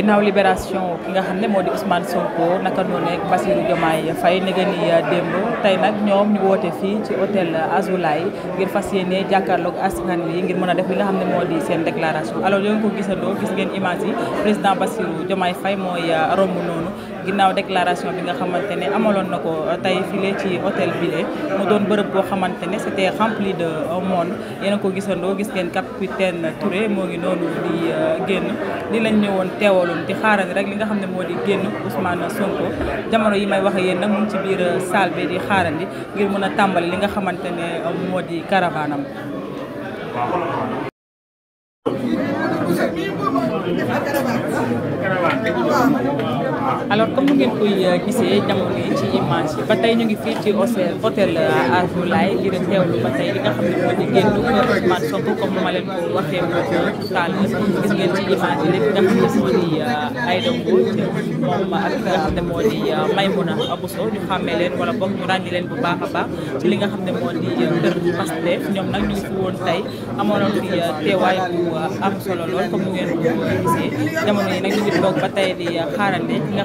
ginnaaw libération nga xam ne moo di Ousmane Sonko naka noonu ak Bassirou Diomaye fay ne ni euh, démb tey nag ñoom ñu woote fii ci hôtel euh, yi ngir fas yéene jàkkaarloog askan yi ngir mën a def li nga xam ne moo di seen déclaration alors ñoo ngi ko gisandoo gis ngeen image yi président Bassirou Diomaye Faye mooy euh, romb noonu. ginnaaw déclaration bi nga xamante ne amaloon na ko euh, tey file ci hôtel Ville mu doon bërëb boo xamante ne c'était rempli de euh, monde yéen a ko gisandoo gis ngeen capitaine Touré moo ngi noonu di euh, génn li lañ ñëwoon teewaloon di xaarandi rek li nga xam ne moo di génn Ousmane Sonko jamono yi may wax ak yéen nag mu ngi ci biir salle bi di xaarandi ngir mën a tàmbali li nga xamante ne moo di caravane alors comme nu ngeen koy gisee jamono yi ci image yi ba tey ñu ngi fii ci hôtel hôtel Arboulaye di leen teewlu ba tey li nga xam ne moo di génn Ousmane Sonko comme ma leen ko waxee ko tout à l'heure gis ngeen ci image yi lépp nga xam ne moo di Aïda Mbodj moom ak nga xam ne moo di Maymouna Abousso ñu xàmmee leen wala boog ñu ràññi leen bu baax baax ci li nga xam ne moo di kër Pastef ñoom nag ñu ngi woon tey amoonoon fi teewaay bu am solo lool comme nu ngeen ko gisee jamono yi nag ñu ngi toog ba tey di xaarande ki nga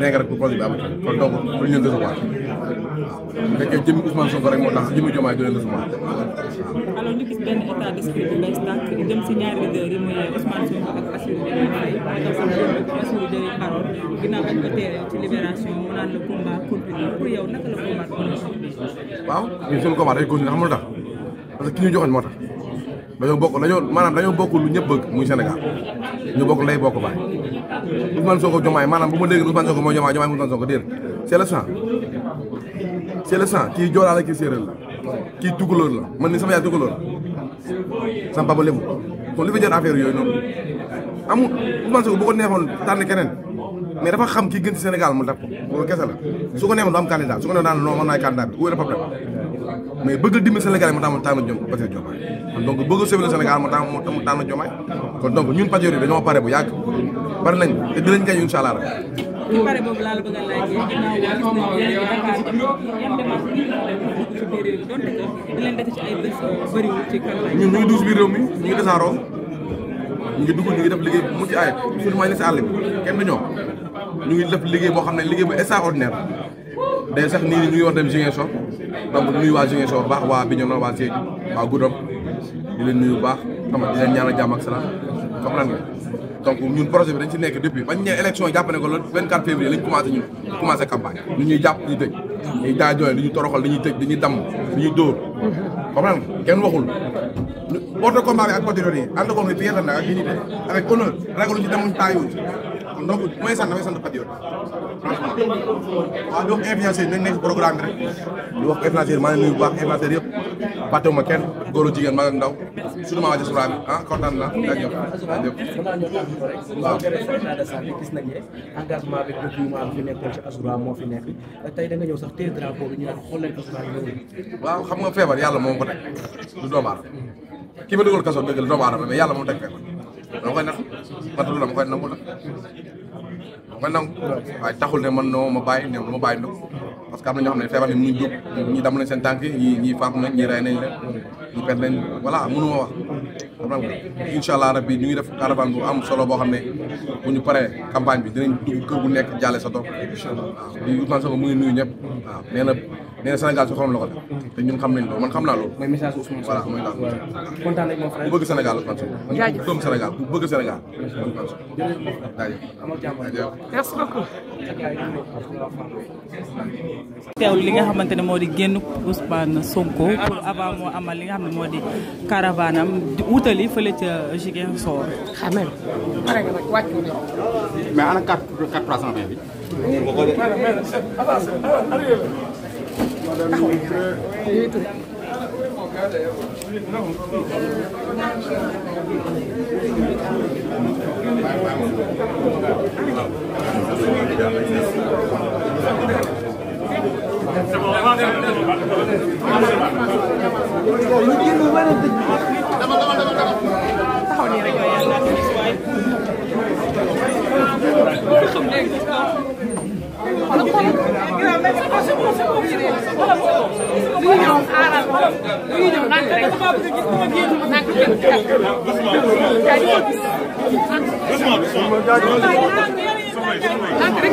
nee nga rek pour projet bi kon donc pour ñu leen recevoir bu fekkee jëmmi Ousmane Sonko rek moo tax ñu gis benn état d'esprit bu bees mu naan tax parce ki ñu joxoon moo tax dañoo bokk maanaam dañoo bokk lu ñëpp muy Sénégal ñu bokk lay bokk baay. Ousmane Sonko Diomaye maanaam bu ma dégg Ousmane Sonko mooy Diomaye Diomaye Ousmane Sonko déedéet c'est le sang c'est le sang kii Joolaa la kii séeréer la kii tukulóor la man ni sama yaay tukulóor sama papa lebu kon li fi jar yooyu noonu amul Ousmane Sonko bu ko neexoon tànn keneen mais dafa xam kii gën senegal mu def ko loolu la su ko neexoon du am candidat su neexoon daan non man naay candidat bi où est mais bëgg a dimbali Sénégal moo tax mu tànn Jom Bassirou Diomaye donc bëgg a sauver Sénégal moo tax mu tànn Diomaye kon donc ñun patriote yi dañoo pare bu yàgg pare nañ te dinañ gañ a laajee ñun ñu ngi duus biir réew mi ñu ngi desaaroo ñu ngi dugg ñu ngi def liggéey bu mucc ayib surtout maa ngi si àll kenn du ñoom ñu liggéey boo xam ne liggéey bu extraordinaire day sax nii nii ñu ngi war dem Ziguinchor donc nuyu waa Ziguinchor baax waa Bignona waa Sédhiou waa Goudomp baax xam nga di leen ñaanal jàmm ak salaam comprendre nga donc ñun projet bi dañ ci nekk depuis bañ ñee élection yi jàpp ne ko le 24 février lañ commencé ñun commencé campagne ñu ñuy jàpp di tëj ñuy daa jooy di ñu toroxal di ñuy tëj di ñuy damm di ñuy dóor comprendre nga kenn waxul porte combat bi ak patriote yi ànd ko muy fierté nag ak unité avec kon donc mooy sant damay sant patriote franchement waaw di wax influenceur nañ nekk programme bi rek di wax influenceur maa ngi nuyu bu baax influenceur yëpp fàttewu ma kenn góor ak jigéen mag ak ndaw surtout maa waa diaspora bi ah kontaan naa jaajëf jaajëf waaw gis nañ ne engagement bi document nekkoon ci Azoura moo fi nekk tey da ñëw sax téye drapeau bi ñu naan xool leen xam nga feebar yàlla moom ko teg du doomu aadama ki ma dugal kaso dëgg la doomu yàlla moom teg feebar dama koy naqal matalu dama koy nangu nag dama koy nangu waaye taxul ne man noo ma bàyyi ne ma bàyyi nag parce que am na ñoo xam ne feebar bi mënuñ jóg ñi dam nañ seen tànk ñi ñi faatu nañ ñi rey nañ leen ñu pet nañ voilà mënuma wax xam allah rabbi ñu ngi def caravane bu am solo boo xam ne bu ñu paree campagne bi dinañ dugg kër bu nekk jàlle sa doom waaw di Ousmane Sonko mu ngi nuyu ñëpp waaw nee na nee na la te ñun xam nañ loolu man xam naa loolu mooy message Ousmane voilà mooy daal kontaan nañ mon frère bu bëgg Sénégal Ousmane Sonko jaajëf doomu bu bëgg Sénégal Ousmane Sonko jaajëf teewlu li nga xamante ne moo di génn Ousmane Sonko pour avant moo amal li nga xam ne moo di caravane am di wutali fële ca Ziguinchor. xam Bismillah, bismillah.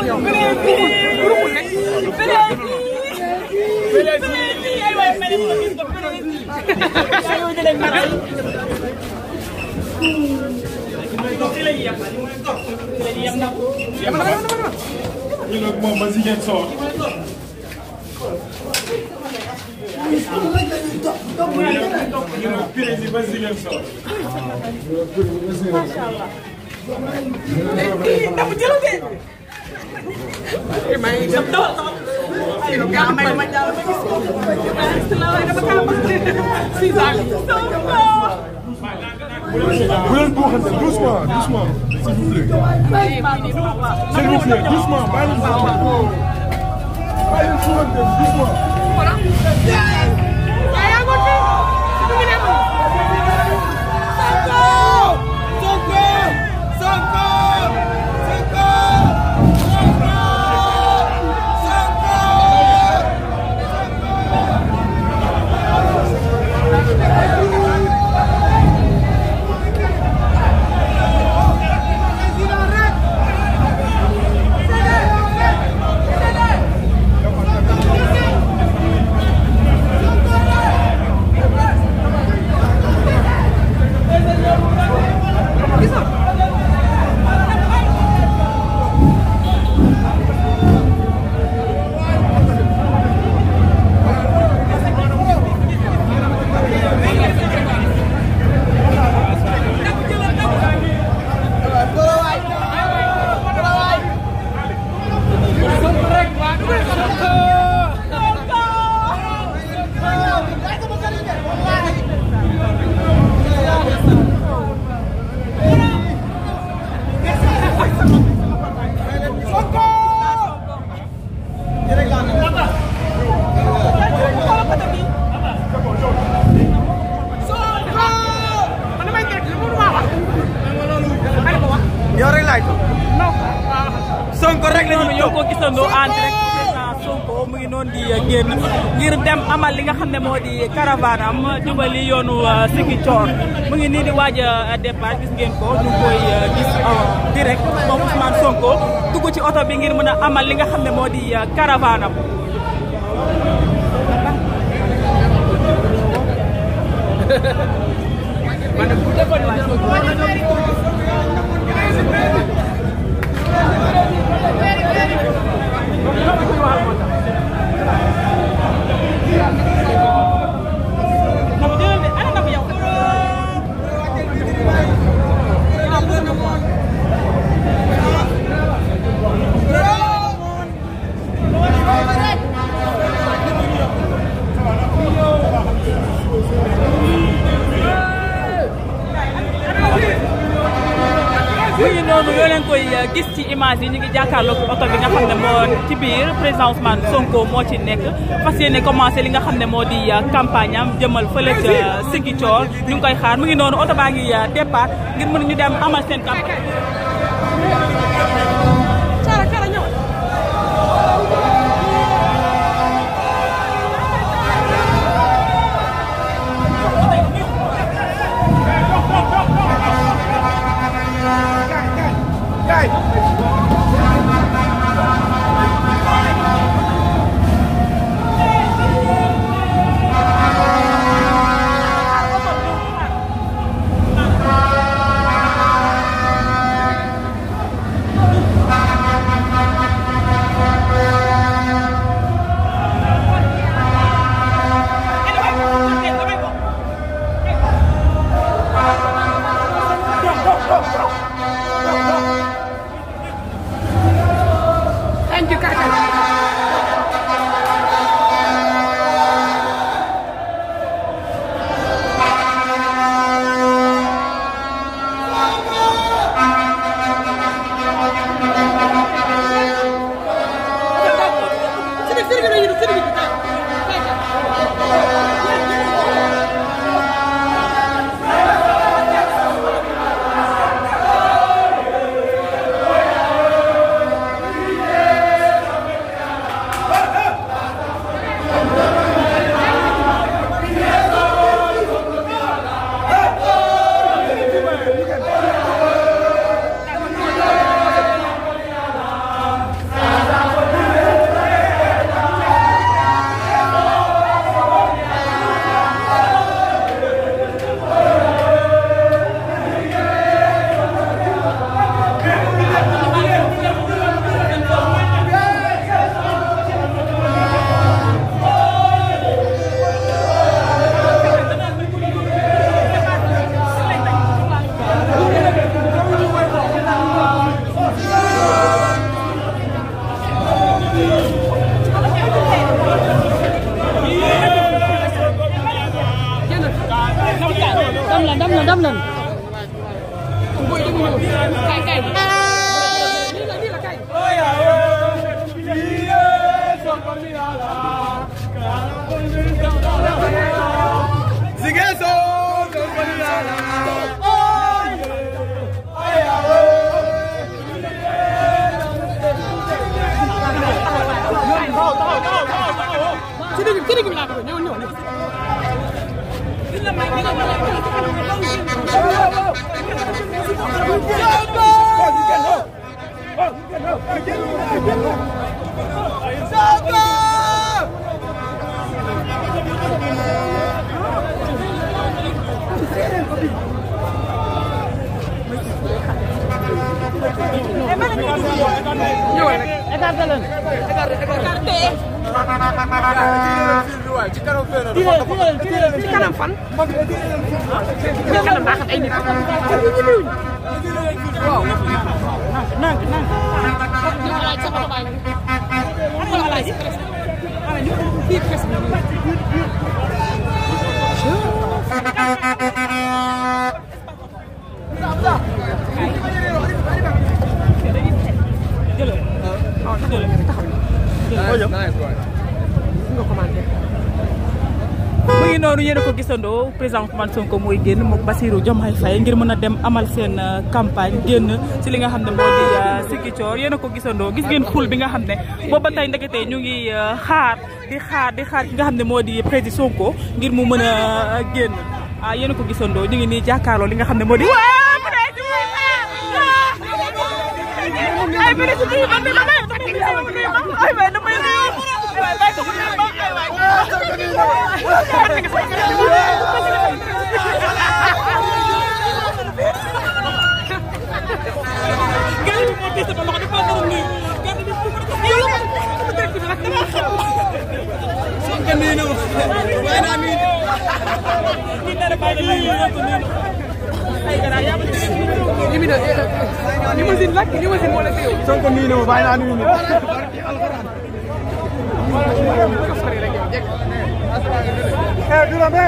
Macha Allah. Hermano. Ay, doucement, doucement, s'il vous plaît. S'il vous plaît, doucement, pas le bourg. Pas le bourg, doucement. Sonko rek la ñu ñoo ko direct président Sonko mu ngi di génn ngir dem amal li nga uh, di caravane am jubali yoonu Ziguinchor mu ngi di waaj départ gis ngeen ko ñu koy gis direct moom Ousmane Sonko dugg ci oto bi ngir amal li nga di caravane uh, Mana Mana image yi ñu ngi jàkkaarloog oto bi nga xam ne moo ci biir président Ousmane Sonko moo ci nekk fas yéene commencé li nga xam ne moo di euh, campagne am jëmal fële ca euh, Ziguinchor ñu ngi koy xaar mu ngi noonu oto baa ngi euh, départ ngir mën ñu dem amal seen campagne. ci kanam fan ci kanam noonu yéen ko gissando président Ousmane Sonko genn génn basiru jom hay fay ngir mën dem amal sen euh, campagne genn ci li nga xamne mo di euh, Ziguinchor cior a ko gissando gis genn ful bi nga xamne bo ba tay ndekete ñu ngi euh, xaar di xaar di xaar nga xamne mo di président Sonko ngir mu mën genn ah yéen ko gissando ñu ngi ni jakarlo li nga xamne mo di. ay président ay ay ay ay నేను Ini mesin lagi, ini mesin boleh tiu. Sangkan ini, bayar anu ini. Eh, dulu me.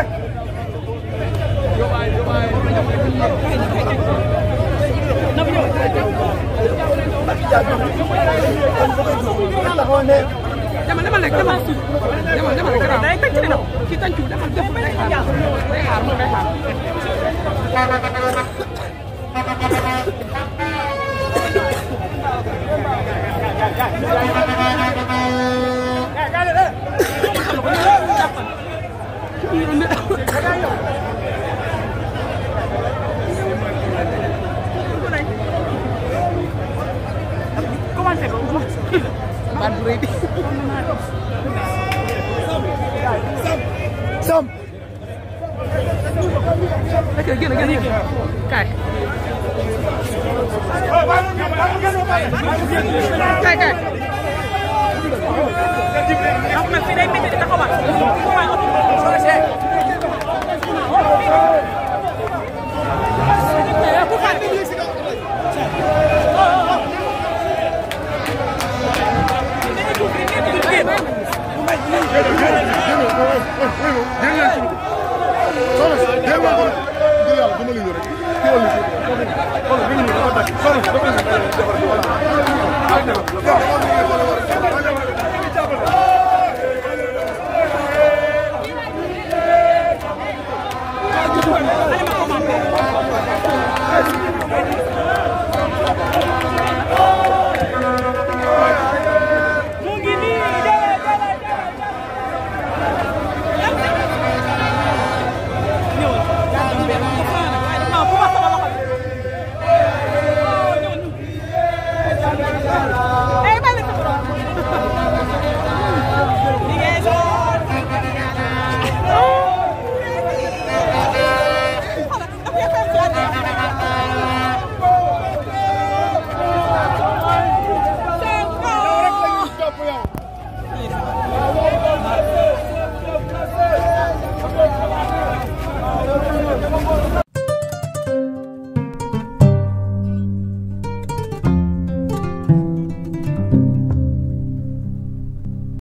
Bạn ready. Xong. Đấy kia kia kia kia. Cải. Cải cải. Học mà phi đây mình để ta không ạ. Không ạ. Go!